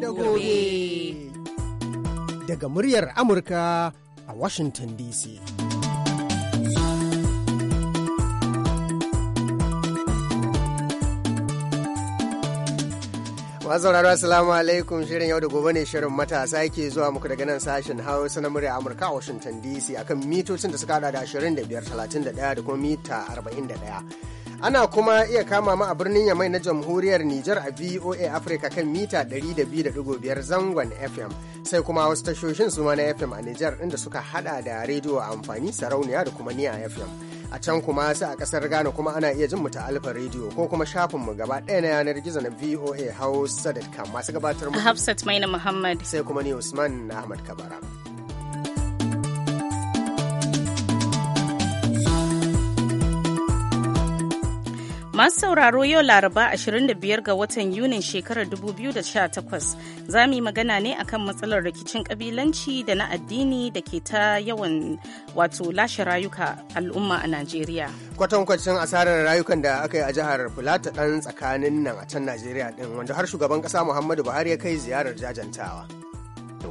da gobe. Daga muryar Amurka a Washington DC. sauraro assalamu alaikum shirin yau da gobe ne shirin matasa yake zuwa muku daga nan sashen hausa na murya amurka a washington dc akan mitocin da suka hada da 25 31 da kuma mita 41 Ana kuma iya kama mu a birnin Yamai na Jamhuriyar Nijar a VOA Africa kan mita 200.5 zangon FM. Sai kuma wasu tashoshin suma na FM a Nijar inda suka hada da rediyo amfani sarauniya da kuma niya FM. a can kuma sai a kasar Ghana kuma ana iya jin mu ta Alfa rediyo ko kuma shafin mu gaba ɗaya na yanar gizo na VOA Hausa.com masu gabatar mu Hafsat Maina Muhammad sai kuma ni Usman Ahmad Kabara. Masu sauraro yau Laraba 25 ga watan Yunin shekarar 2018 za mu yi magana ne akan matsalar rikicin kabilanci da na addini da ke ta yawan wato lashe rayuka al'umma a Najeriya. Kwatankwacin asarar rayukan da aka yi a jihar Filata ɗan tsakanin nan a can Najeriya ɗin wanda har shugaban ƙasa Muhammadu Buhari ya kai ziyarar jajantawa.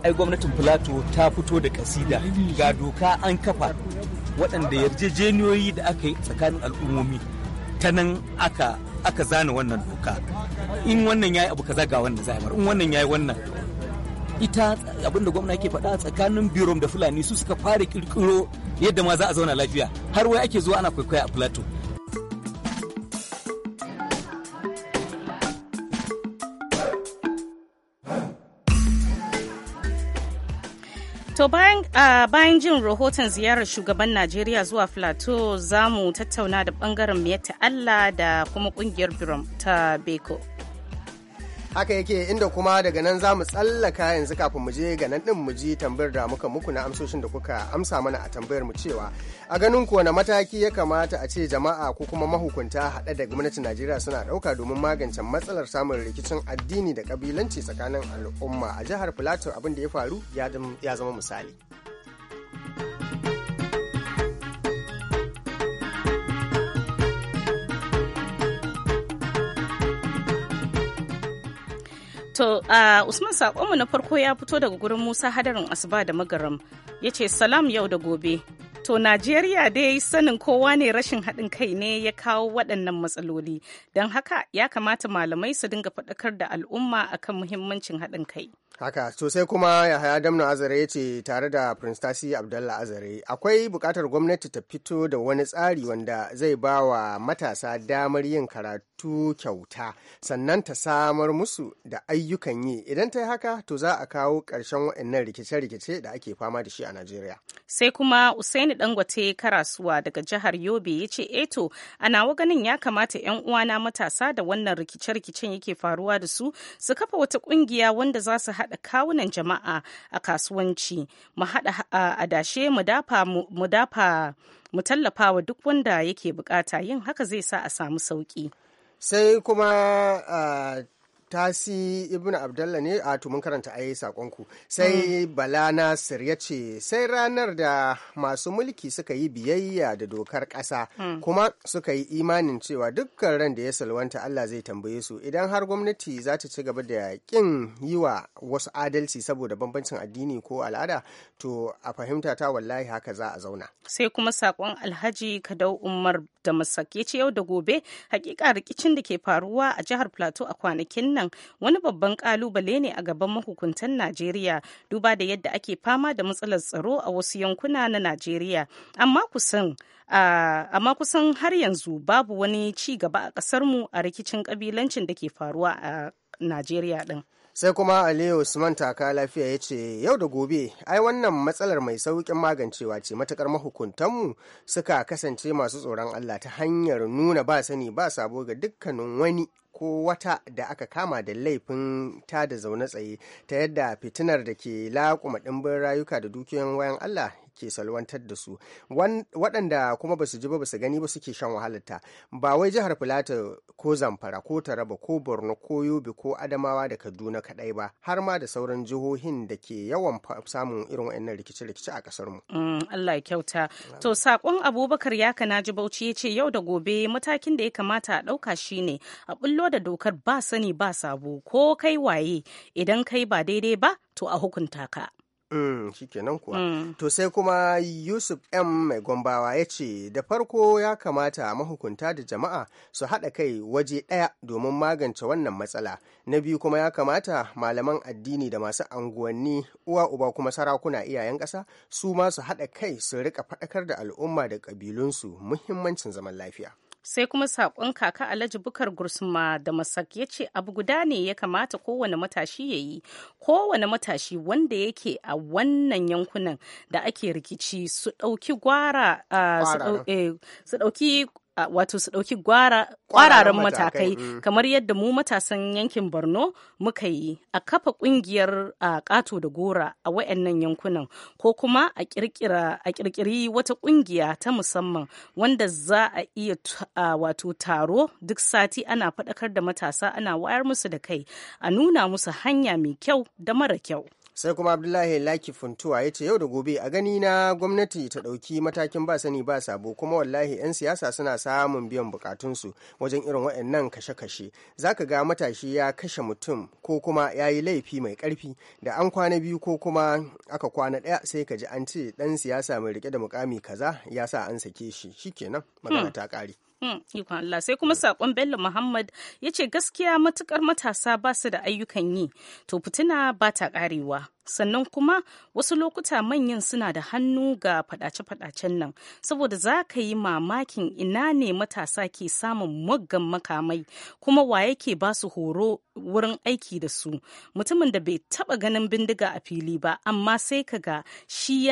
Ai gwamnatin Filato ta fito da kasida ga doka an kafa waɗanda yarjejeniyoyi da aka yi tsakanin al'ummomi ta nan aka aka zana wannan doka in wannan yayi abu kaza ga wannan zai in wannan yayi wannan ita abinda gwamna ke faɗa tsakanin birom da fulani su suka fara kirkiro yadda ma za a zauna lafiya har wai ake zuwa ana kwaikwaya a plateau To bayan uh, bayan jin rahoton ziyarar shugaban Najeriya zuwa Plateau zamu tattauna da bangaren Miyatta Allah da kuma kungiyar Biram ta Beko. haka yake inda kuma daga nan za mu tsallaka yanzu kafin mu je ga nan din mu ji tambayar da muka muku na amsoshin da kuka amsa mana a tambayar mu cewa a ganin ku wani mataki ya kamata a ce jama'a ko kuma mahukunta haɗe da gwamnatin Najeriya suna ɗauka domin magance matsalar samun rikicin addini da kabilanci tsakanin al'umma a jihar Plateau abin da ya faru ya zama misali. To, uh, Usman sakonmu na farko ya fito daga gurin Musa Hadarin Asuba da Magaram. Ya ce, Salam yau da gobe. To, Najeriya dai sanin kowa ne rashin haɗin kai ne ya kawo waɗannan matsaloli. Don haka ya kamata malamai su dinga faɗakar da al'umma akan muhimmancin haɗin kai. haka sosai kuma yahaya damna azare ce tare da prince tasi abdallah azare akwai bukatar gwamnati ta fito da wani tsari wanda zai ba wa matasa damar yin karatu kyauta sannan ta samar musu da ayyukan yi idan ta yi haka to za a kawo ƙarshen waɗannan rikice-rikice da ake fama da shi a najeriya sai kuma usaini dangote karasuwa daga jihar yobe ya ce eto eh a nawa ganin ya kamata 'yan uwana matasa da wannan rikice-rikicen yake faruwa da su su kafa wata ƙungiya wanda za su haɗa kawunan jama'a a kasuwanci mu haɗa adashe mu dafa mu dafa mu tallafa wa duk wanda yake bukata yin haka zai sa a samu sauki sai kuma tasi ibn abdallah ne a tumin karanta a sakonku mm. sai bala nasir ya ce sai ranar da masu mulki suka yi biyayya da dokar ƙasa mm. kuma suka yi imanin cewa dukkan ran da ya salwanta allah zai tambaye su idan har gwamnati za ta ci gaba da kin yi wa wasu adalci saboda bambancin addini ko al'ada to a fahimta ta wallahi haka za a zauna sai kuma sakon alhaji kadau umar da masake ce yau da gobe hakika rikicin da ke faruwa a jihar plateau a kwanakin nan wannan wani babban kalubale ne a gaban mahukuntan Najeriya duba da yadda ake fama da matsalar tsaro a wasu yankuna na Najeriya. Amma kusan amma kusan har yanzu babu wani ci gaba a ƙasarmu a rikicin kabilancin da ke faruwa a Najeriya ɗin. sai kuma aliyu usman taka lafiya ya ce yau da gobe ai wannan matsalar mai sauƙin magancewa ce matakar mahukuntanmu suka kasance masu tsoron allah ta hanyar nuna ba sani ba sabo ga dukkanin wani ko wata da aka kama da laifin ta da zaune tsaye ta yadda fitinar da ke laƙuma ɗimbin rayuka da dukiyoyin wayan Allah ke salwantar da su waɗanda kuma ba su ji ba ba su gani ba suke shan wahalarta ba wai jihar filata ko zamfara ko taraba ko borno ko yobe ko adamawa da kaduna kaɗai ba har ma da sauran jihohin da ke yawan samun irin waɗannan rikice-rikice a ƙasar mu. Mm, Allah ya kyauta. To saƙon Abubakar ya kana ji Bauchi ya ce yau da gobe matakin da ya kamata a ɗauka shine a ɓullo da dokar ba sani ba sabo ko kai waye idan kai ba daidai ba to a hukunta ka. Mm. shikenan kuwa mm. to sai kuma yusuf m mai gombawa ya ce da farko ya kamata mahukunta da jama'a su haɗa kai waje ɗaya domin magance wannan matsala na biyu kuma ya kamata malaman addini da masu anguwanni uwa uba kuma sarakuna iyayen ƙasa su ma su haɗa kai su rika faɗakar da al'umma da ƙabilunsu muhimmancin zaman lafiya sai kuma saƙon kaka alhaji bukar gursuma da masak ya ce abu guda ne ya kamata kowane matashi ya yi kowane matashi wanda yake a wannan yankunan da ake rikici su ɗauki ah, eh, su ɗauki wato su ɗauki kwararan matakai mm. kamar yadda mu matasan yankin borno muka yi a kafa ƙungiyar ƙato da gora a wayannan yankunan ko kuma a ƙirƙiri wata ƙungiya ta musamman wanda za a iya wato taro duk sati ana faɗakar da matasa ana wayar musu da kai a nuna musu hanya mai kyau da mara kyau sai kuma abdullahi laki funtuwa ya ce yau da gobe a gani na gwamnati ta ɗauki matakin ba sani ba sabo kuma wallahi 'yan siyasa suna samun biyan bukatunsu wajen irin waɗannan kashe-kashe za ka ga matashi ya kashe mutum ko kuma ya yi laifi mai ƙarfi da an kwana biyu ko kuma aka kwana ɗaya sai ka ji an ce ɗan siyasa mai rike da mukami kaza ya sa an sake shi shikenan magana hmm. ta ƙare. Hmm, ikon Allah sai kuma saƙon Bello Muhammad ya ce gaskiya matukar matasa ba su da ayyukan yi to fitina ba ta karewa sannan kuma wasu lokuta manyan suna da hannu ga fadace-fadacen nan saboda za ka yi mamakin ina ne matasa ke samun muggan makamai kuma wa yake ba su horo wurin aiki da su mutumin da bai taɓa ganin bindiga a fili ba amma sai ka ga shi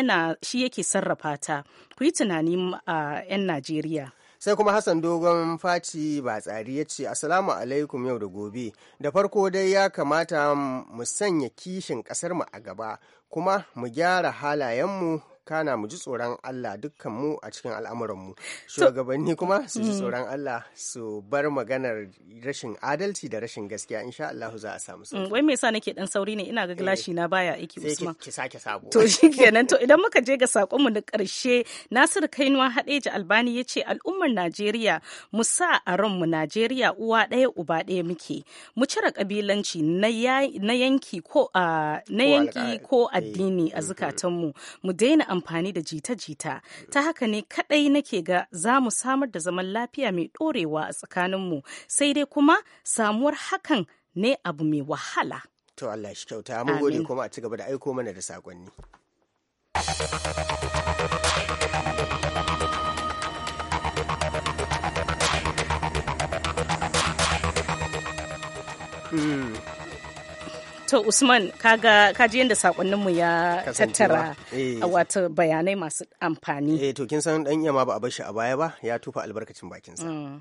yake sarrafa ta ku yi tunani a ah, 'yan najeriya sai kuma hassan dogon faci ba tsari ya ce assalamu alaikum yau da gobe da farko dai ya kamata mu sanya kishin kasar mu a gaba kuma mu gyara halayenmu kana mu ji tsoron Allah dukkanmu a cikin al'amuranmu shugabanni kuma su ji mm. tsoron Allah su bar maganar rashin adalci da rashin gaskiya sha Allah za a samu sauki mm, wai me yasa nake dan sauri ne ina ga eh, gilashi na baya aiki Usman sai ki sake sabo to shikenan to idan muka je ga sakonmu na karshe Nasiru Kainuwa Hadeji Albani yace al'ummar Najeriya mu sa a ranmu Najeriya uwa ɗaya uba ɗaya muke mu cire kabilanci na yanki ko ah, na yanki ko eh, addini a mhm. zukatanmu mu daina amfani da jita-jita ta haka ne kadai nake ga za mu samar da zaman lafiya mai dorewa a tsakaninmu sai dai kuma samuwar hakan ne abu mai wahala to Allah shi kyauta mun gode kuma a ci gaba da aiko mana da sakonni Mm. to usman kaga kaji yadda sakonninmu ya tattara a eh. wata bayanai masu amfani eh to kin san dan iya ma ba a bar shi a baya ba ya tufa albarkacin bakinsa mm.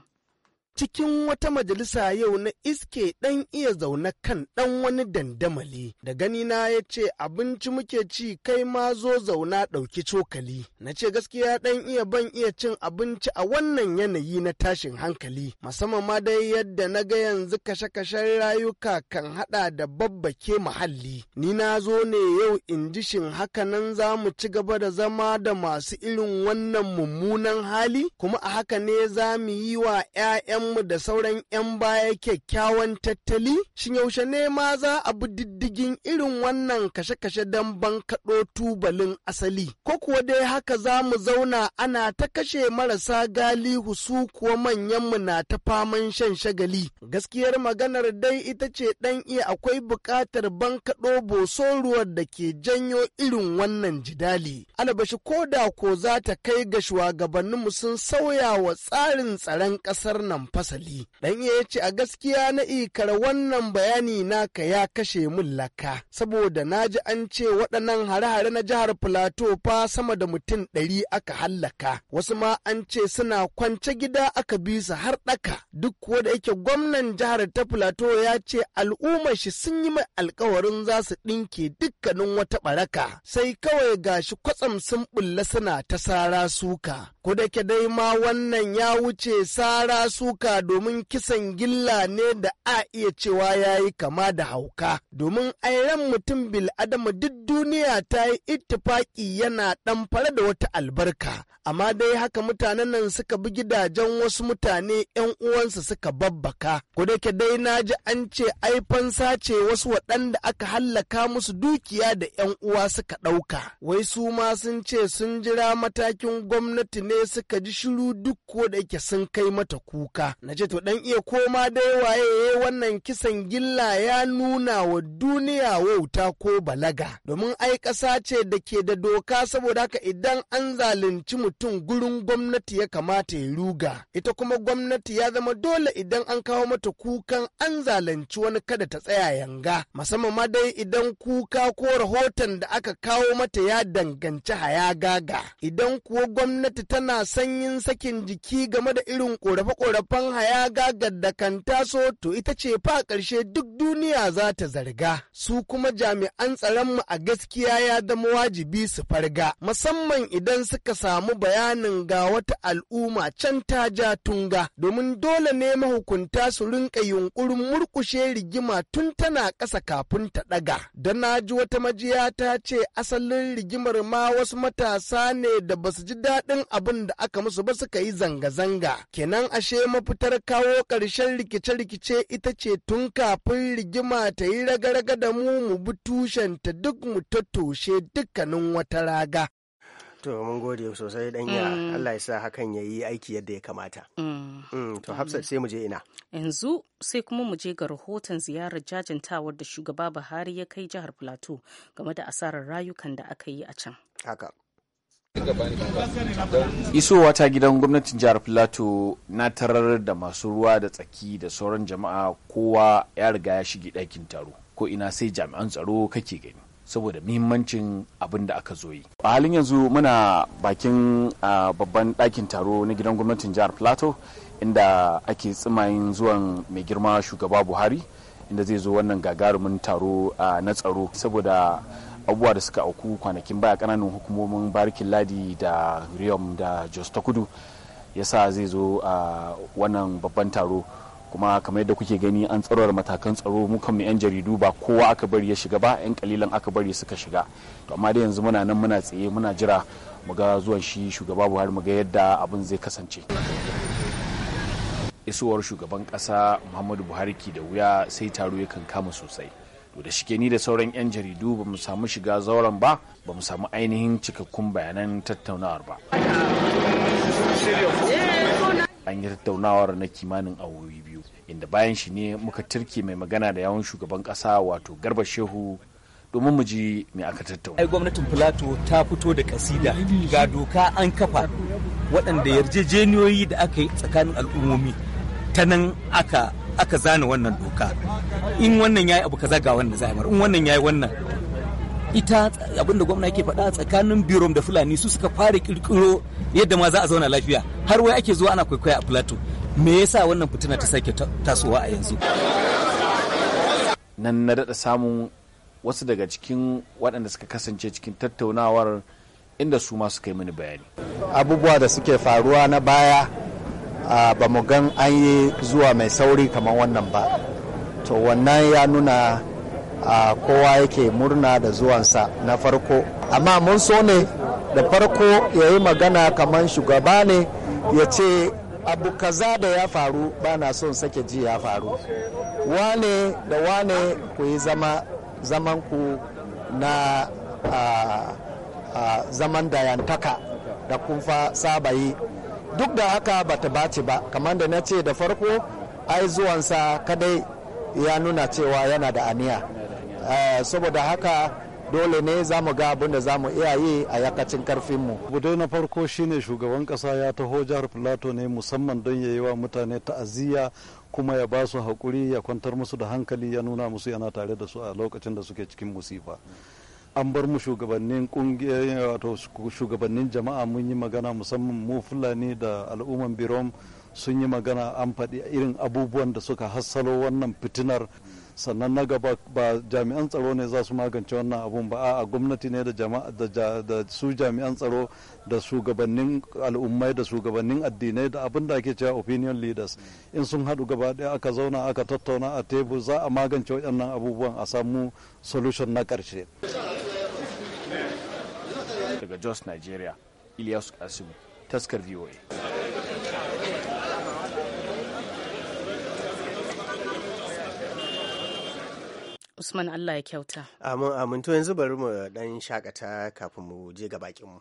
cikin wata majalisa yau na iske ɗan iya zaune kan ɗan wani dandamali da ganina ya ce abinci muke ci kai ma zo zauna ɗauki cokali na ce gaskiya ɗan iya ban iya cin abinci a wannan yanayi na tashin hankali musamman ma dai yadda na ga yanzu kashe-kashen rayuka kan haɗa da babbake muhalli ni na zo ne yau in ji shin hakanan za mu ci gaba da zama da masu irin wannan mummunan hali kuma a haka ne za mu yi wa 'ya'yan mu da sauran 'yan baya kyakkyawan tattali? Shin yaushe ne ma za a bi diddigin irin wannan kashe-kashe don ban kaɗo tubalin asali? Ko kuwa dai haka za mu zauna ana ta kashe marasa galihu su kuwa manyanmu na ta faman shan shagali. Gaskiyar maganar dai ita ce ɗan iya akwai buƙatar bankaɗo bosoruwar da ke janyo irin wannan jidali. alabashi ko da ko za ta kai ga shugabanninmu sun sauya wa tsarin tsaron ƙasar nan fasali. Ɗanye ya ce a gaskiya na ikar wannan bayani naka ya kashe mun laka, saboda na ji an ce waɗannan hare-hare na jihar Filato fa sama da mutum ɗari aka hallaka, wasu ma an ce suna kwance gida aka bi su har ɗaka. Duk kuwa da yake gwamnan jihar ta Filato ya ce al'ummar shi sun yi mai alkawarin za su ɗinke dukkanin wata ɓaraka, sai kawai gashi kwatsam sun bulla suna ta sara suka. Ku da dai ma wannan ya wuce sara suka ɗauka domin kisan gilla ne da a iya cewa ya yi kama da hauka domin ran mutum bil adama duk duniya ta yi ittifaki yana ɗan fara da wata albarka amma dai haka mutanen nan suka bi gidajen wasu mutane 'yan uwansa suka babbaka ko da ke dai na ji an ce ai fansa ce wasu waɗanda aka hallaka musu dukiya da 'yan uwa suka ɗauka wai su ma sun ce sun jira matakin gwamnati ne suka ji shiru duk ko da yake sun kai mata kuka na ce to dan iya koma dai waye eh, wannan kisan gilla ya nuna wa duniya wauta ko balaga domin ai ƙasa ce da ke da doka saboda haka idan an zalunci mutum gurin gwamnati ya kamata ya ruga ita kuma gwamnati ya zama dole idan an kawo mata kukan an zalunci wani kada ta tsaya yanga musamman ma dai idan kuka ko rahoton da aka kawo mata ya danganci gaga idan kuwa gwamnati tana sanyin sakin jiki game da irin korafe ƙorafen kan haya ga da kan taso to ita ce fa ƙarshe duk duniya za ta zarga su kuma jami'an tsaronmu a gaskiya ya zama wajibi su farga musamman idan suka samu bayanin ga wata al'umma can ta ja tunga domin dole ne mahukunta su rinka yunkurin murkushe rigima tun tana ƙasa kafin ta ɗaga da na ji wata majiya ta ce asalin rigimar ma wasu matasa ne da basu ji daɗin abin da aka musu ba suka yi zanga-zanga kenan ashe mafi mafitar kawo ƙarshen rikice-rikice ita ce tun kafin rigima ta yi raga da mu mu bi tushenta duk mu tattoshe dukkanin wata raga. To mun gode sosai ya mm. Allah ya sa hakan ya yi aiki yadda ya kamata. Mm. Mm, to Hafsat sai mu je ina. Yanzu sai kuma mu je ga rahoton ziyarar jajantawar da shugaba Buhari ya kai jihar Plateau game da asarar rayukan da aka yi a can. Haka. isowa ta gidan gwamnatin jihar filato na tarar da masu ruwa da tsaki da sauran jama'a kowa ya riga ya shige ɗakin taro ko ina sai jami'an tsaro kake gani saboda muhimmancin abin da aka zo yi a halin yanzu muna bakin babban ɗakin taro na gidan gwamnatin jihar filato inda ake tsimayin zuwan mai girma shugaba buhari inda zai zo wannan gagarumin taro na tsaro saboda abubuwa da suka auku kwanakin baya kananan hukumomin barikin ladi da riyom da jos ta kudu ya sa zai zo a wannan babban taro kuma kamar yadda kuke gani an tsarowar matakan tsaro mu kanmu 'yan jaridu ba kowa aka bari ya shiga ba 'yan kalilan aka bari suka shiga to amma da yanzu muna nan muna tsaye muna jira mu ga zuwan shi shugaba buhari mu ga yadda abin zai kasance isowar shugaban kasa muhammadu buhari ki da wuya sai taro yakan kama sosai to da shike ni da sauran 'yan jaridu ba mu samu shiga zauren ba ba mu samu ainihin cikakkun bayanan tattaunawar ba an yi tattaunawar na kimanin awowi biyu inda bayan shi ne muka turke mai magana da yawon shugaban kasa wato garba shehu domin mu ji mai aka tattauna. Ai gwamnatin Filato ta fito da kasida ga doka an kafa waɗanda yarjejeniyoyi da aka yi tsakanin al'ummomi ta nan aka aka zana wannan doka in wannan yayi abu kaza ga wannan zai in wannan yayi wannan ita abinda gwamna ke faɗa tsakanin birom da fulani su suka fara kirkiro yadda ma za a zauna lafiya har wai ake zuwa ana kwaikwaya a plateau me yasa wannan fitina ta sake tasowa a yanzu nan na daɗa samun wasu daga cikin waɗanda suka kasance cikin tattaunawar inda su ma suka yi mini bayani abubuwa da suke faruwa na baya ba mu gan an yi zuwa mai sauri kamar wannan ba to wannan ya nuna kowa yake murna da zuwansa na farko amma mun so ne da farko ya yi magana kamar shugaba ne ya ce abu kaza da ya faru ba na son sake ji ya faru wane da wane ku yi zama zaman ku na a, a, zaman dayantaka da kun fa saba yi duk da haka ba ta bace ba kamar da na ce da farko ai zuwansa kadai ya nuna cewa yana da aniya eh, saboda haka dole ne za mu ga abin da za mu iya yi a yakacin karfinmu. Budai na farko shine shugaban kasa ya taho jihar Filato ne musamman don ya yi wa mutane ta'aziyya kuma ya ba su haƙuri ya kwantar musu da hankali ya nuna musu yana tare da su a lokacin da suke cikin musifa. an bar mu shugabannin kungiyoyin wato shugabannin jama'a mun yi magana musamman mu fulani da al'umman birom sun yi magana an faɗi irin abubuwan da suka hassalo wannan fitinar sannan na gaba ba jami'an tsaro ne za su magance wannan abun ba a gwamnati ne da su jami'an tsaro da shugabannin al'ummai da shugabannin addinai da abin da ake cewa opinion leaders in sun haɗu gaba ɗaya aka zauna aka tattauna a tebur za a magance waɗannan abubuwan a samu solution na ƙarshe daga jos nigeria taskar voa Usman Allah ya kyauta. Amin amin to yanzu bari mu dan shakata kafin mu je ga bakin mu.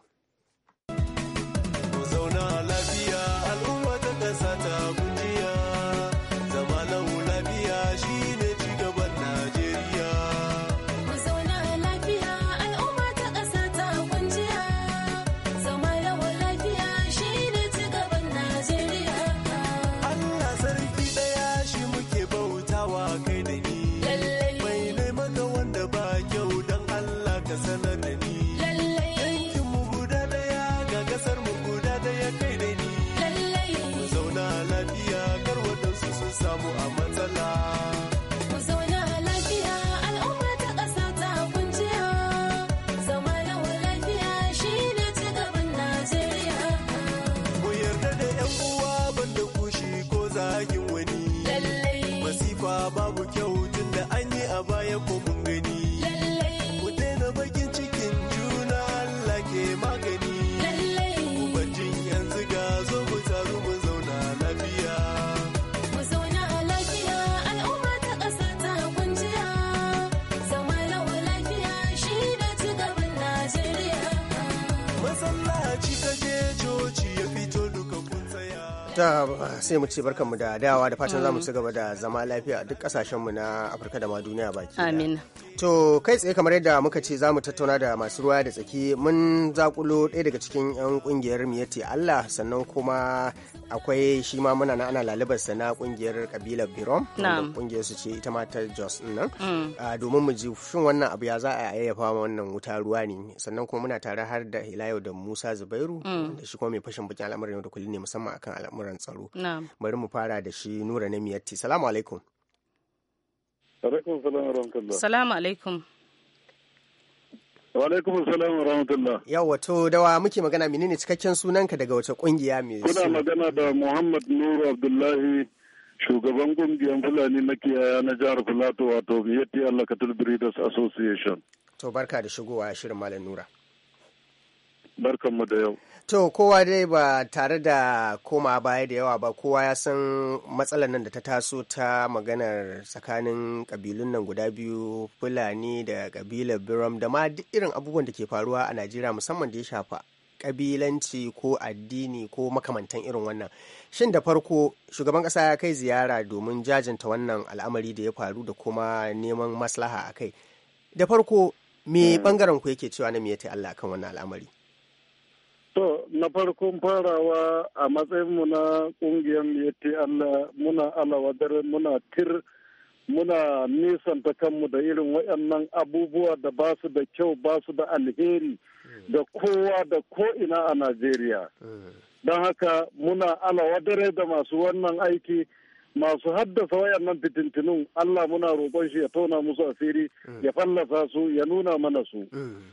ta sai mu ce barkanmu da dawa da fatan za mu ci gaba da zama lafiya a duk kasashenmu na afirka da ma duniya baki amin To kai tsaye kamar yadda muka ce za mu tattauna da masu ruwa da tsaki mun zakulo ɗaya daga cikin 'yan ƙungiyar miyati Allah sannan kuma akwai shi ma muna na ana lalibarsa na ƙungiyar kabilar Birom ƙungiyar su ce ita mata Jos nan mm. domin mu ji shin wannan abu ya za a yayyafa wannan wuta ruwa ne sannan kuma muna tare har da Hilayo da Musa Zubairu mm. da shi kuma mai fashin bakin al'amuran yau da kullum ne musamman akan al'amuran tsaro. Bari mu fara da shi Nura na miyati. Salamu alaikum. alaikum salam wa rahmatullah salamu alaikum wa alaikum salam wa rahmatullah to dawa muke magana menene cikakken sunanka daga wata kungiya mai me kuna magana da muhammad nuru abdullahi shugaban kungiyar fulani makiyaya na jihar filato wato miyatti allah cattle breeders association to barka da shigowa shirin malam nura barkan mu da yau To kowa dai ba tare da koma baya da yawa ba kowa ya san matsalar nan da ta taso ta maganar tsakanin kabilun nan guda biyu Fulani da kabilar Biram da ma duk irin abubuwan da ke faruwa a Najeriya musamman da ya shafa kabilanci ko addini ko makamantan irin wannan. Shin da farko shugaban kasa ya kai ziyara domin jajinta wannan al'amari da ya faru da kuma neman maslaha a kai. Da farko me bangaren hmm. ku yake cewa na me ya Allah kan wannan al'amari? To, na farkon farawa a matsayinmu na ƙungiyar yatti Allah muna dare muna tir muna nisanta kanmu da irin waɗannan abubuwa da ba su da kyau ba su da alheri da kowa da ko'ina a Najeriya. Don haka muna dare da masu wannan aiki masu haddasa wayannan fitintinin Allah muna roƙon shi ya tona musu asiri ya fallasa su ya nuna mana su. Mm.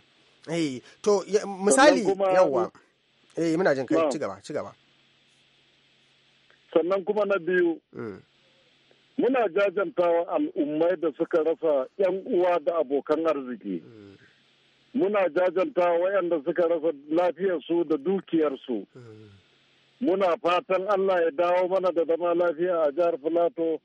to misali yawa. eh muna jin kai ci gaba ci gaba sannan kuma na biyu hmm. muna jajantawa al'ummai da suka rasa 'yan uwa da abokan arziki hmm. muna jajantawa waɗanda suka rasa lafiyarsu da dukiyarsu hmm. muna fatan allah ya dawo mana da zama lafiya a jihar filato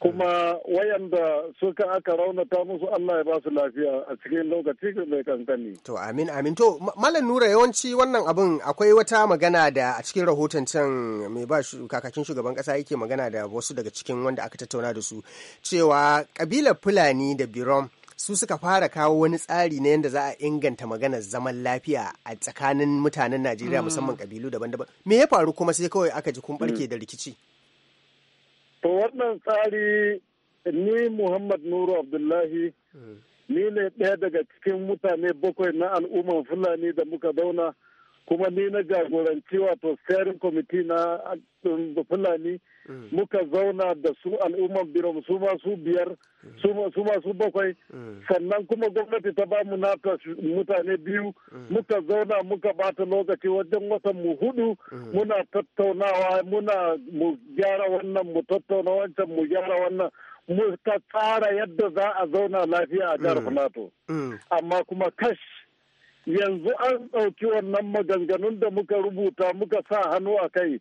kuma wayanda suka aka raunata musu Allah ya ba su lafiya a cikin lokaci mai kankani. To amin amin to malam nura yawanci wannan abin akwai wata magana da a cikin rahoton can mai ba kakakin shugaban kasa yake magana da wasu daga cikin wanda aka tattauna da su cewa kabilar Fulani da Birom su suka fara kawo wani tsari na yadda za a inganta magana zaman lafiya a tsakanin mutanen Najeriya mm. musamman kabilu daban-daban. Me ya faru kuma sai kawai aka ji kun barke mm. da rikici? To wannan tsari ni Muhammad Nuru Abdullahi mm. ni ne ɗaya daga cikin mutane bakwai na al'umman Fulani da muka zauna kuma ni na jagoranci wato steering committee na um, fulani mm. muka zauna da su al'ummar birom su ma biyar mm. su ma bakwai mm. sannan kuma gwamnati ta ba mu nata mutane biyu muka zauna muka bata lokaci wajen watan mu hudu muna tattaunawa muna mu gyara wannan mu tattauna wancan mu gyara wannan mu ta tsara yadda za a zauna lafiya a jihar plateau amma kuma kash yanzu an ɗauki wannan maganganun da muka rubuta muka sa hannu a kai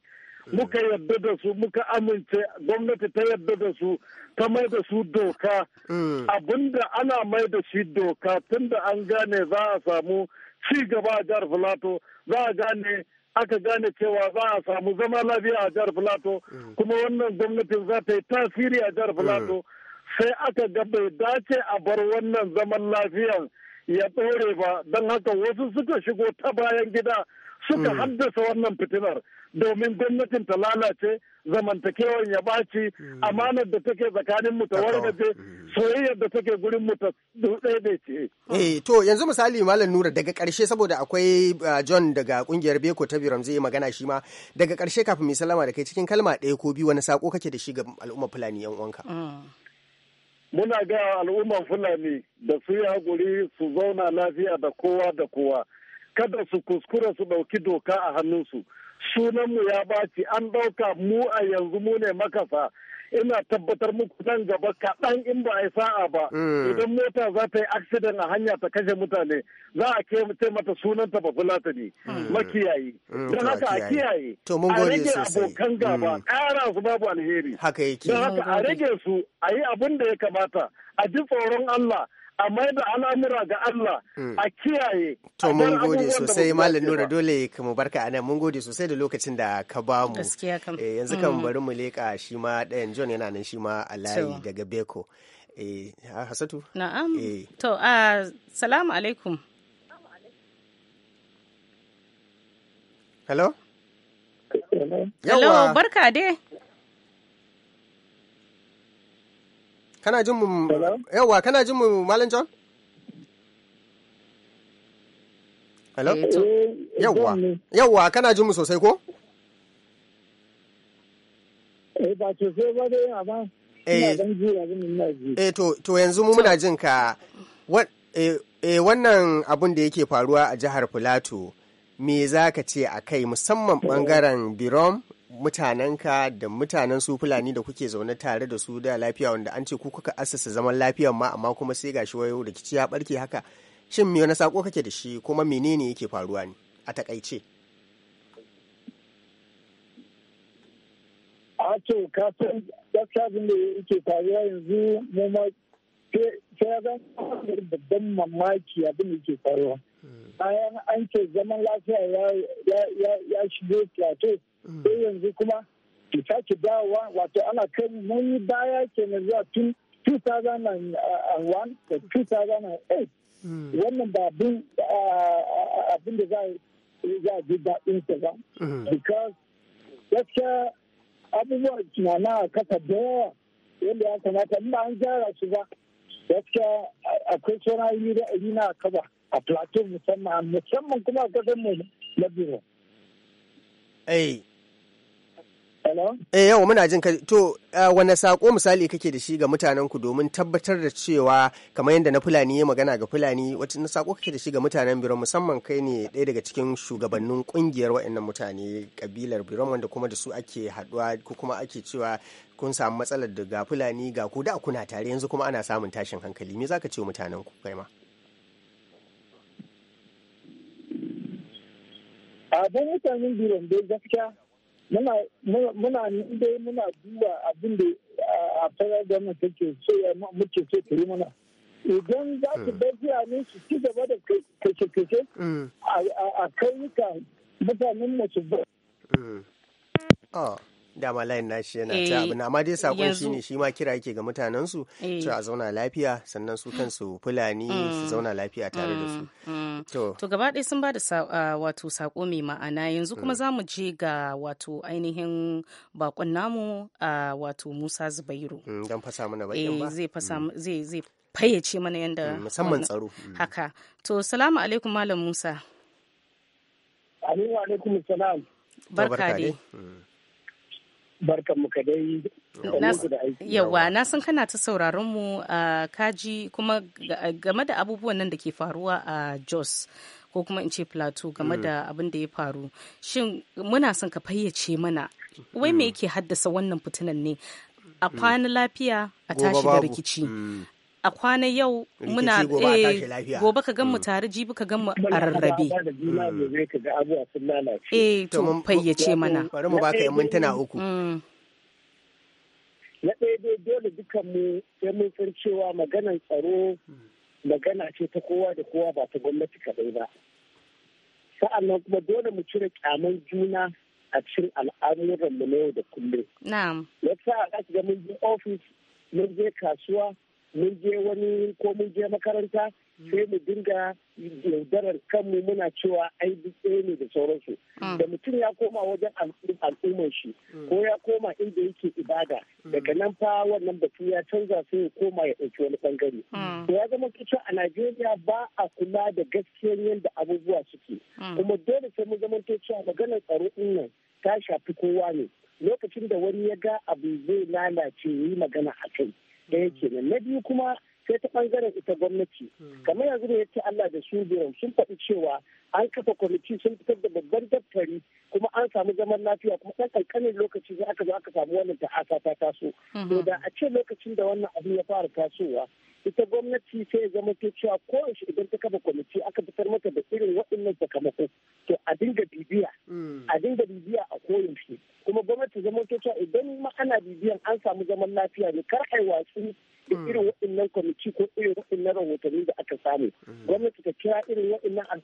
muka eh. yadda da su muka amince gwamnati ta yadda da su ta mai da su doka eh. abinda ana mai da shi doka tunda an gane za a samu ci gaba a jihar filato za a gane aka gane cewa za a samu zama lafiya a jar filato eh. kuma wannan gwamnatin za ta yi tasiri a jihar filato sai aka ga bai dace a bar wannan zaman lafiyan ya ɗore ba don haka wasu suka shigo ta bayan gida suka mm. haddasa wannan fitilar domin gwamnatin ta lalace zamantakewar ya baci mm. amanar da take tsakanin mu ta wargaje mm. soyayyar da take gurin mu ta ce. Eh to yanzu misali Malam Nura daga karshe saboda akwai uh, John daga kungiyar Beko ta Biram zai magana shi ma daga karshe kafin mu salama da kai cikin kalma ɗaya ko biyu wani sako kake da shi ga al'umma Fulani yan uwanka. muna ga al'umman fulani da su yi haƙuri su zauna lafiya da kowa da kowa kada su kuskura su ɗauki doka a hannunsu sunanmu ya baci an ɗauka mu a yanzu mu ne makasa ina tabbatar muku nan gaba kaɗan in ba a yi sa'a ba hmm. idan mota za ta yi accident a hanya ta kashe mutane za a ce mata sunanta ba fulata ne hmm. makiyayi hmm, don haka a kiyaye a rage abokan gaba ƙara su babu alheri haka yake don haka a rage su a yi abin da ya kamata a ji tsoron Allah a mai da al'amura ga Allah hmm. a kiyaye. To mun gode sosai Malam Nura dole ka mu barka a nan mun gode sosai da lokacin da ka ba mu. Eh, yanzu kan hmm. bari mu leƙa shi ma ɗayan John yana nan shi ma a layi daga Beko. Eh, Hasatu? Na'am. Eh. To, salamu alaikum. Hello? Hello, barka dai. Kana jin mu yawa kana jin mu Malam John? Hello? Eh, yawa. Yawa kana jin mu sosai ko? Eh ba eh. Eh, to to yanzu mu muna jin ka wannan abun da yake faruwa a jihar Filato me za ka ce a kai musamman bangaren Birom mutanenka da mutanen su fulani da kuke zaune tare da su da lafiya wanda an ce ku kuka asasa zaman lafiyan ma amma kuma sai gashi wayo rikici ya barke haka shin me wani sako kake da shi kuma menene yake faruwa ne a takaice a to ka san gaskiya abin da yake faruwa yanzu mu ma sai ya zama babban mamaki abin da yake faruwa hmm. bayan an ce zaman lafiya ya shigo plateau sai yanzu kuma ki sake dawowa wato ana kai mun yi baya kenan zuwa tun 2001 da 2008 wannan ba abin da za a ji daɗin sa ba mm. because gaskiya abubuwan tunana a kasa da yawa yadda ya kamata in ba an gyara su ba gaskiya akwai sauran yi na kaba a plateau musamman musamman kuma a kasar mu na biro. Eh, Eh yawa muna jin kai to ah, wani sako misali kake da shi ga mutanen ku domin tabbatar da cewa kamar yadda na Fulani ya magana ga Fulani wacce na sako kake da shi ga mutanen Biron musamman kai ne ɗaya daga cikin shugabannin kungiyar waɗannan mutane kabilar Biron wanda kuma da su ake haɗuwa ko kuma ake cewa kun samu matsalar da ga Fulani ga ku da kuna tare yanzu kuma ana samun tashin hankali me zaka ce wa mutanen ku kai ma? abin mutanen Biron dai gaskiya muna dai muna duba abin da a federal government take so ya muke so ta yi mana idan za su hmm. bar birane su ci gaba da kace-kace hmm. a kai kauyuka mutanen mu su ba. Hmm. Ah. dama layin nashi yana ta eh, abu na amma dai sakon shi ne shi ma kira yake ga mutanen su eh. a zauna lafiya sannan su kansu fulani mm. su zauna lafiya tare da su mm. Mm. to gaba ɗaya sun ba da ah, wato sako mai ma'ana yanzu kuma za mu je ga wato ainihin bakon namu a ah, wato Musa Zubairu don fasa mana eh, ba zai fasa zai zai fayyace mana yanda musamman tsaro haka to salamu alaikum malam Musa alaikum salam barka dai barkan mu yawa na san kana ta sauraron mu a kaji kuma game da abubuwan nan da ke faruwa a jos ko kuma in ce plateau game mm. da abin da ya faru shin muna son ka fayyace mana wai me mm. yake haddasa wannan fitinan ne a mm. kwana lafiya a tashi da rikici a kwana yau muna gobe eh, ka gan mu mm. tare jibi ka gan mu a rarrabe mm. eh to fayyace mana bari mu baka yan mintuna uku mm. na ɗaya dai dole dukan mu sai mun san cewa maganar tsaro magana ce ta kowa da kowa ba ta gwamnati kaɗai ba nan kuma dole mu cire kyaman juna a cikin al'amuran mu na yau da kullum. Na'am. yasa a ga mun je ofis mun je kasuwa mun je wani ko mun je makaranta sai mu dinga yaudarar kanmu muna cewa ai duk ne da sauransu mm. da mutum ya koma wajen al'ummar shi mm. ko ya koma inda yake ibada mm. daga nan fa wannan batu ya canza sai ya koma ya ɗauki wani bangare to ya zama kicin a najeriya ba a kula da gaskiyar yadda abubuwa suke kuma dole sai mu zamanto cewa maganar tsaro ɗin nan ta shafi kowa ne lokacin da wani ya ga abu zai lalace yi magana a kai ɗaya kenan na biyu kuma sai ta bangaren ita gwamnati hmm. kamar yanzu da yake Allah da su biyu sun faɗi cewa an kafa kwamiti sun fitar da babban daftari kuma an samu zaman lafiya kuma ɗan ƙanƙanin lokaci sai aka zo aka samu wannan ta'asa ta taso hmm. to da a ce lokacin da wannan abu ya fara tasowa ita gwamnati sai ya zama ta cewa shi idan ta kafa kwamiti aka fitar mata da irin waɗannan sakamako bibiyan an samu zaman lafiya ne kar a yi watsi da hmm. irin waɗannan kwamiti ko irin waɗannan rahotanni da aka samu hmm. gwamnati ta kira irin waɗannan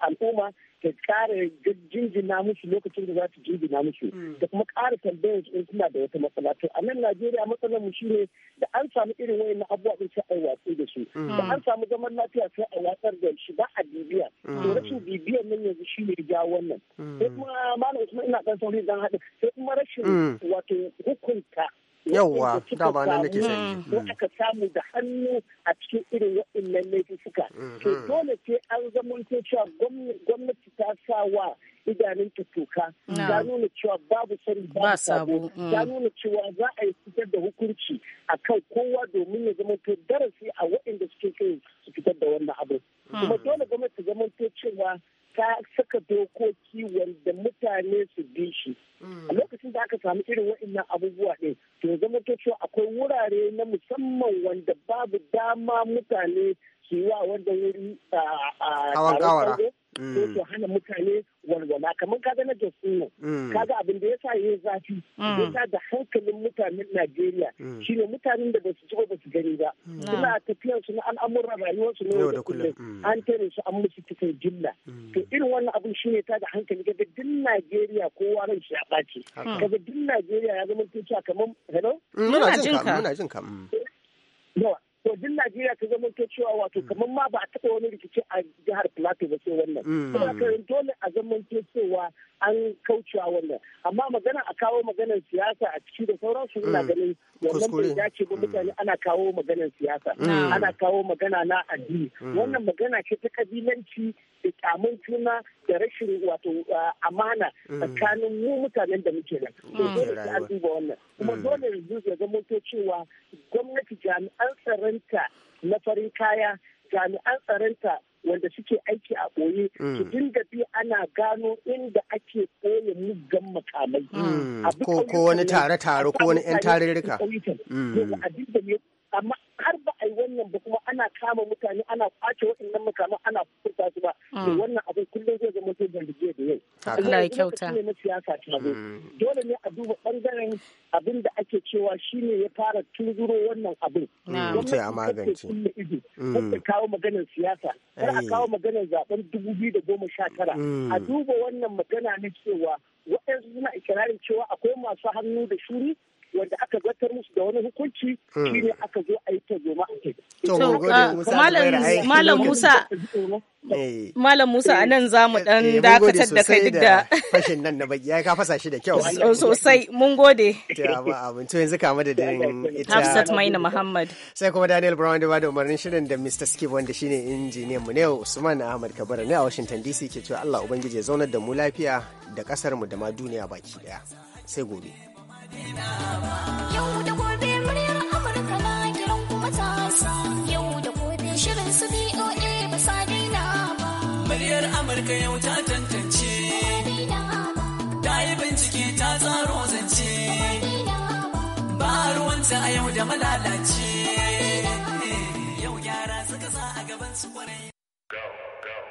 al'umma ta ƙara jinjina musu lokacin da za su jinjina musu hmm. da kuma ƙara tambayar su in suna da wata matsala to a nan najeriya matsalar mu shine an samu irin wayan abubuwa din sai a watsi da su mm. da an samu zaman lafiya sai a watsar da shi ba a bibiya mm. to rashin bibiyan nan yanzu shi ne ya wannan mm. sai kuma malam usman ina dan sauri dan haɗu sai kuma rashin wato hukunta yauwa dama nan nake sai ko aka samu da hannu a cikin irin waɗannan suka mm-hmm. to dole sai an zamanto cewa gwamnati ta sa wa idanun tutuka ta nuna cewa babu sani ba sabo ta nuna cewa za a yi fitar da hukunci a kan kowa domin ya zama to darasi a waɗanda suke so su fitar da wannan abu. Kuma hmm. dole gwamnati ta zama to cewa ta saka dokoki wanda mutane su bi shi. Hmm. A lokacin da aka samu irin waɗannan abubuwa ɗin, to ya zama to cewa akwai wurare na musamman wanda babu dama mutane su yi wa wanda wuri a hmm. hana mutane walwala kamar ka ga na jos nan mm. kaga abin da ya sa yayi zafi mm. ya sa da hankalin mutanen Najeriya mm. shine mutanen da basu ci ba su gani ba suna tafiyar su na al'amuran rayuwar su ne da kullum an tare su an musu cikin jilla to irin wannan abin shine ta da hankali kaga duk Najeriya kowa ran shi ya ɓaci kaga duk Najeriya ya zama cewa kamar hello muna jin ka muna jin ka to Najeriya ta zama to cewa wato mm. kamar ma ba a taɓa wani rikici a jihar Plateau ba sai wannan. Mm. Saboda dole a zama cewa an kauce a wannan amma magana a kawo maganar siyasa a ciki da sauransu ina mm. ganin wannan bai dace ba mm. mutane ana kawo maganar siyasa mm. ana kawo magana na addini wannan magana ce ta kabilanci da kyamun juna da rashin wato uh, amana tsakanin mu mutanen da muke nan to dole sai an duba wannan kuma dole yanzu ya zama cewa gwamnati jami'an tsaronta na farin kaya jami'an tsaronta wanda suke aiki a ɓoye su mm. dinga bi ana gano inda ake ɓoye muggan makamai. Mm. Ko wani tare-tare ko wani 'yan tarirrika. Abin da amma har ba a yi wannan ba kuma ana kama mutane ana kwace waɗannan makaman ana furta su ba to mm. wannan abin kullum zai zama to jandige da yau Allah ya kyauta ne na siyasa ta zo mm. dole ne a duba bangaren abin da ake cewa shine ya fara tunzuro wannan abin mm. gwamnati a magance kulle kawo maganar siyasa kar a kawo maganar zaben 2019 a duba wannan magana na cewa waɗansu suna ikirarin cewa akwai masu hannu da shuri wanda aka zartar musu da wani hukunci hmm. shine aka zo a yi tarzoma a kai. Uh, Malam Musa eh. Malam Musa a nan za mu eh, dan eh, dakatar da kai duk da fashin nan na baki ya ka fasa shi da kyau sosai mun gode to yanzu ka madadin ita Hafsat Maina Muhammad sai kuma Daniel Brown da bada umarnin shirin da Mr. Skip wanda shine injiniyan mu ne Usman Ahmad Kabara ne a Washington DC ke cewa Allah ubangiji ya zaunar da mu lafiya da kasar mu da ma duniya baki daya sai gobe Yau gobe muryar Amurka na kiran kuma ta Yau gobe shirin su BOA ba sa ba. Muryar Amurka yau ta tantance. Ta yi bincike ta tsaro zance. Ba ruwanta a yau da malalace. Yau gyara suka sa a gaban su kwarai.